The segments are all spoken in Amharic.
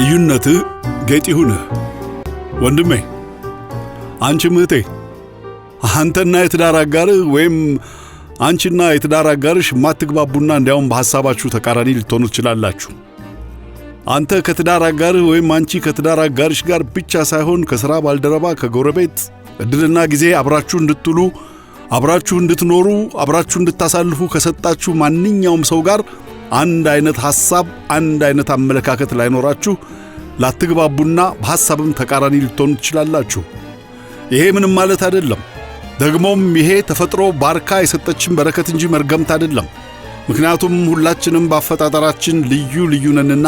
ልዩነት ጌጥ ይሁንህ ወንድሜ። አንቺ ምህቴ አንተና የትዳር አጋርህ ወይም አንቺና የትዳር አጋርሽ ማትግባቡና እንዲያውም በሐሳባችሁ ተቃራኒ ልትሆኑ ትችላላችሁ። አንተ ከትዳር አጋርህ ወይም አንቺ ከትዳር አጋርሽ ጋር ብቻ ሳይሆን ከሥራ ባልደረባ፣ ከጎረቤት ዕድልና ጊዜ አብራችሁ እንድትሉ፣ አብራችሁ እንድትኖሩ፣ አብራችሁ እንድታሳልፉ ከሰጣችሁ ማንኛውም ሰው ጋር አንድ አይነት ሐሳብ፣ አንድ አይነት አመለካከት ላይኖራችሁ፣ ላትግባቡና በሐሳብም ተቃራኒ ልትሆኑ ትችላላችሁ። ይሄ ምንም ማለት አይደለም። ደግሞም ይሄ ተፈጥሮ ባርካ የሰጠችን በረከት እንጂ መርገምት አይደለም። ምክንያቱም ሁላችንም በአፈጣጠራችን ልዩ ልዩ ነንና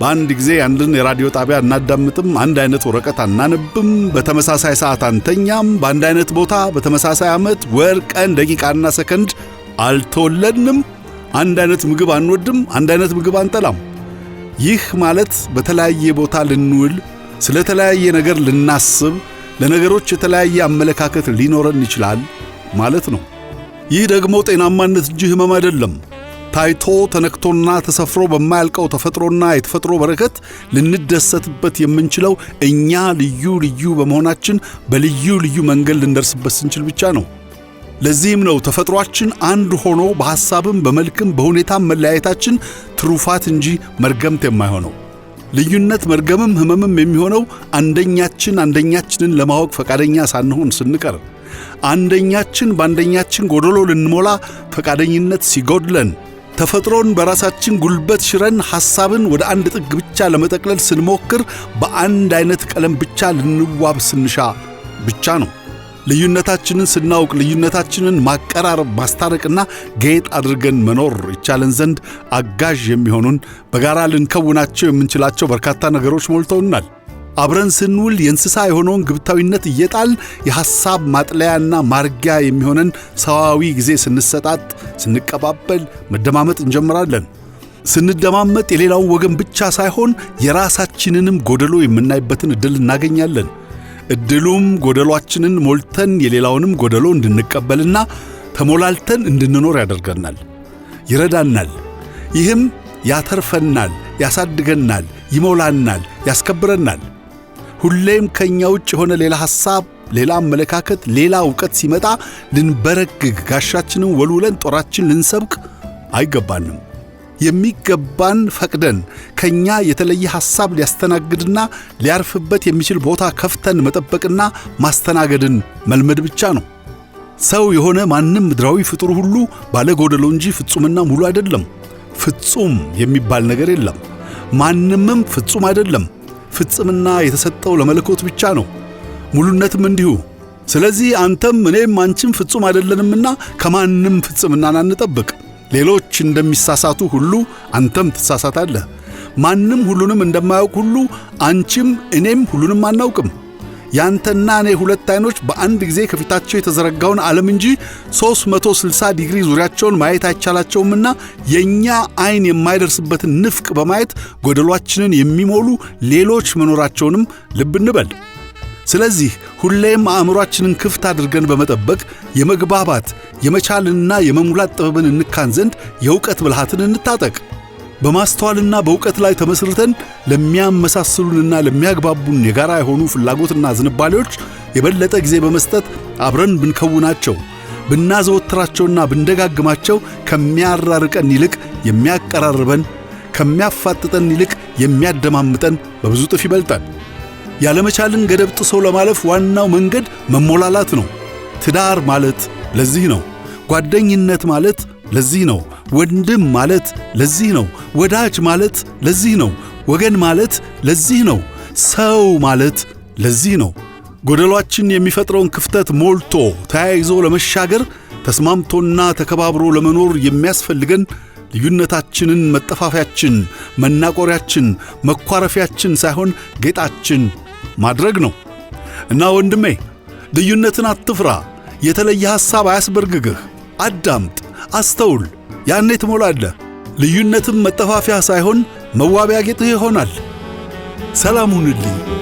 በአንድ ጊዜ አንድን የራዲዮ ጣቢያ አናዳምጥም፣ አንድ አይነት ወረቀት አናነብም፣ በተመሳሳይ ሰዓት አንተኛም፣ በአንድ አይነት ቦታ በተመሳሳይ ዓመት፣ ወር፣ ቀን፣ ደቂቃና ሰከንድ አልተወለድንም። አንድ አይነት ምግብ አንወድም፣ አንድ አይነት ምግብ አንጠላም። ይህ ማለት በተለያየ ቦታ ልንውል፣ ስለ ተለያየ ነገር ልናስብ፣ ለነገሮች የተለያየ አመለካከት ሊኖረን ይችላል ማለት ነው። ይህ ደግሞ ጤናማነት እንጂ ህመም አይደለም። ታይቶ ተነክቶና ተሰፍሮ በማያልቀው ተፈጥሮና የተፈጥሮ በረከት ልንደሰትበት የምንችለው እኛ ልዩ ልዩ በመሆናችን በልዩ ልዩ መንገድ ልንደርስበት ስንችል ብቻ ነው። ለዚህም ነው ተፈጥሯችን አንድ ሆኖ በሐሳብም በመልክም በሁኔታም መለያየታችን ትሩፋት እንጂ መርገምት የማይሆነው። ልዩነት መርገምም ህመምም የሚሆነው አንደኛችን አንደኛችንን ለማወቅ ፈቃደኛ ሳንሆን ስንቀር፣ አንደኛችን በአንደኛችን ጎደሎ ልንሞላ ፈቃደኝነት ሲጎድለን፣ ተፈጥሮን በራሳችን ጉልበት ሽረን ሐሳብን ወደ አንድ ጥግ ብቻ ለመጠቅለል ስንሞክር፣ በአንድ አይነት ቀለም ብቻ ልንዋብ ስንሻ ብቻ ነው። ልዩነታችንን ስናውቅ ልዩነታችንን ማቀራረብ ማስታረቅና ጌጥ አድርገን መኖር ይቻለን ዘንድ አጋዥ የሚሆኑን በጋራ ልንከውናቸው የምንችላቸው በርካታ ነገሮች ሞልተውናል። አብረን ስንውል የእንስሳ የሆነውን ግብታዊነት እየጣል የሐሳብ ማጥለያና ማርጊያ የሚሆነን ሰዋዊ ጊዜ ስንሰጣጥ፣ ስንቀባበል መደማመጥ እንጀምራለን። ስንደማመጥ የሌላውን ወገን ብቻ ሳይሆን የራሳችንንም ጎደሎ የምናይበትን ዕድል እናገኛለን። እድሉም ጎደሏችንን ሞልተን የሌላውንም ጎደሎ እንድንቀበልና ተሞላልተን እንድንኖር ያደርገናል፣ ይረዳናል። ይህም ያተርፈናል፣ ያሳድገናል፣ ይሞላናል፣ ያስከብረናል። ሁሌም ከእኛ ውጭ የሆነ ሌላ ሐሳብ፣ ሌላ አመለካከት፣ ሌላ እውቀት ሲመጣ ልንበረግግ፣ ጋሻችንን ወልውለን ጦራችን ልንሰብቅ አይገባንም። የሚገባን ፈቅደን ከእኛ የተለየ ሐሳብ ሊያስተናግድና ሊያርፍበት የሚችል ቦታ ከፍተን መጠበቅና ማስተናገድን መልመድ ብቻ ነው። ሰው የሆነ ማንም ምድራዊ ፍጡር ሁሉ ባለ እንጂ ፍጹምና ሙሉ አይደለም። ፍጹም የሚባል ነገር የለም። ማንምም ፍጹም አይደለም። ፍጽምና የተሰጠው ለመለኮት ብቻ ነው። ሙሉነትም እንዲሁ። ስለዚህ አንተም እኔም አንቺም ፍጹም አይደለንምና ከማንም ፍጽምናን አንጠብቅ። ሌሎች እንደሚሳሳቱ ሁሉ አንተም ትሳሳታለህ። ማንም ሁሉንም እንደማያውቅ ሁሉ አንቺም እኔም ሁሉንም አናውቅም። ያንተና እኔ ሁለት አይኖች በአንድ ጊዜ ከፊታቸው የተዘረጋውን ዓለም እንጂ 360 ዲግሪ ዙሪያቸውን ማየት አይቻላቸውምና የእኛ አይን የማይደርስበትን ንፍቅ በማየት ጎደሏችንን የሚሞሉ ሌሎች መኖራቸውንም ልብ እንበል። ስለዚህ ሁሌም አእምሯችንን ክፍት አድርገን በመጠበቅ የመግባባት የመቻልንና የመሙላት ጥበብን እንካን ዘንድ የእውቀት ብልሃትን እንታጠቅ። በማስተዋልና በእውቀት ላይ ተመስርተን ለሚያመሳስሉንና ለሚያግባቡን የጋራ የሆኑ ፍላጎትና ዝንባሌዎች የበለጠ ጊዜ በመስጠት አብረን ብንከውናቸው ብናዘወትራቸውና ብንደጋግማቸው ከሚያራርቀን ይልቅ የሚያቀራርበን፣ ከሚያፋጥጠን ይልቅ የሚያደማምጠን በብዙ ጥፍ ይበልጣል። ያለመቻልን ገደብ ጥሶ ለማለፍ ዋናው መንገድ መሞላላት ነው። ትዳር ማለት ለዚህ ነው። ጓደኝነት ማለት ለዚህ ነው። ወንድም ማለት ለዚህ ነው። ወዳጅ ማለት ለዚህ ነው። ወገን ማለት ለዚህ ነው። ሰው ማለት ለዚህ ነው። ጎደሏችን የሚፈጥረውን ክፍተት ሞልቶ ተያይዞ ለመሻገር ተስማምቶና ተከባብሮ ለመኖር የሚያስፈልገን ልዩነታችንን መጠፋፊያችን፣ መናቆሪያችን፣ መኳረፊያችን ሳይሆን ጌጣችን ማድረግ ነው እና ወንድሜ ልዩነትን አትፍራ። የተለየ ሐሳብ አያስበርግግህ። አዳምጥ፣ አስተውል። ያኔ ትሞላለህ። ልዩነትም መጠፋፊያ ሳይሆን መዋቢያ ጌጥህ ይሆናል። ሰላም ሁንልኝ።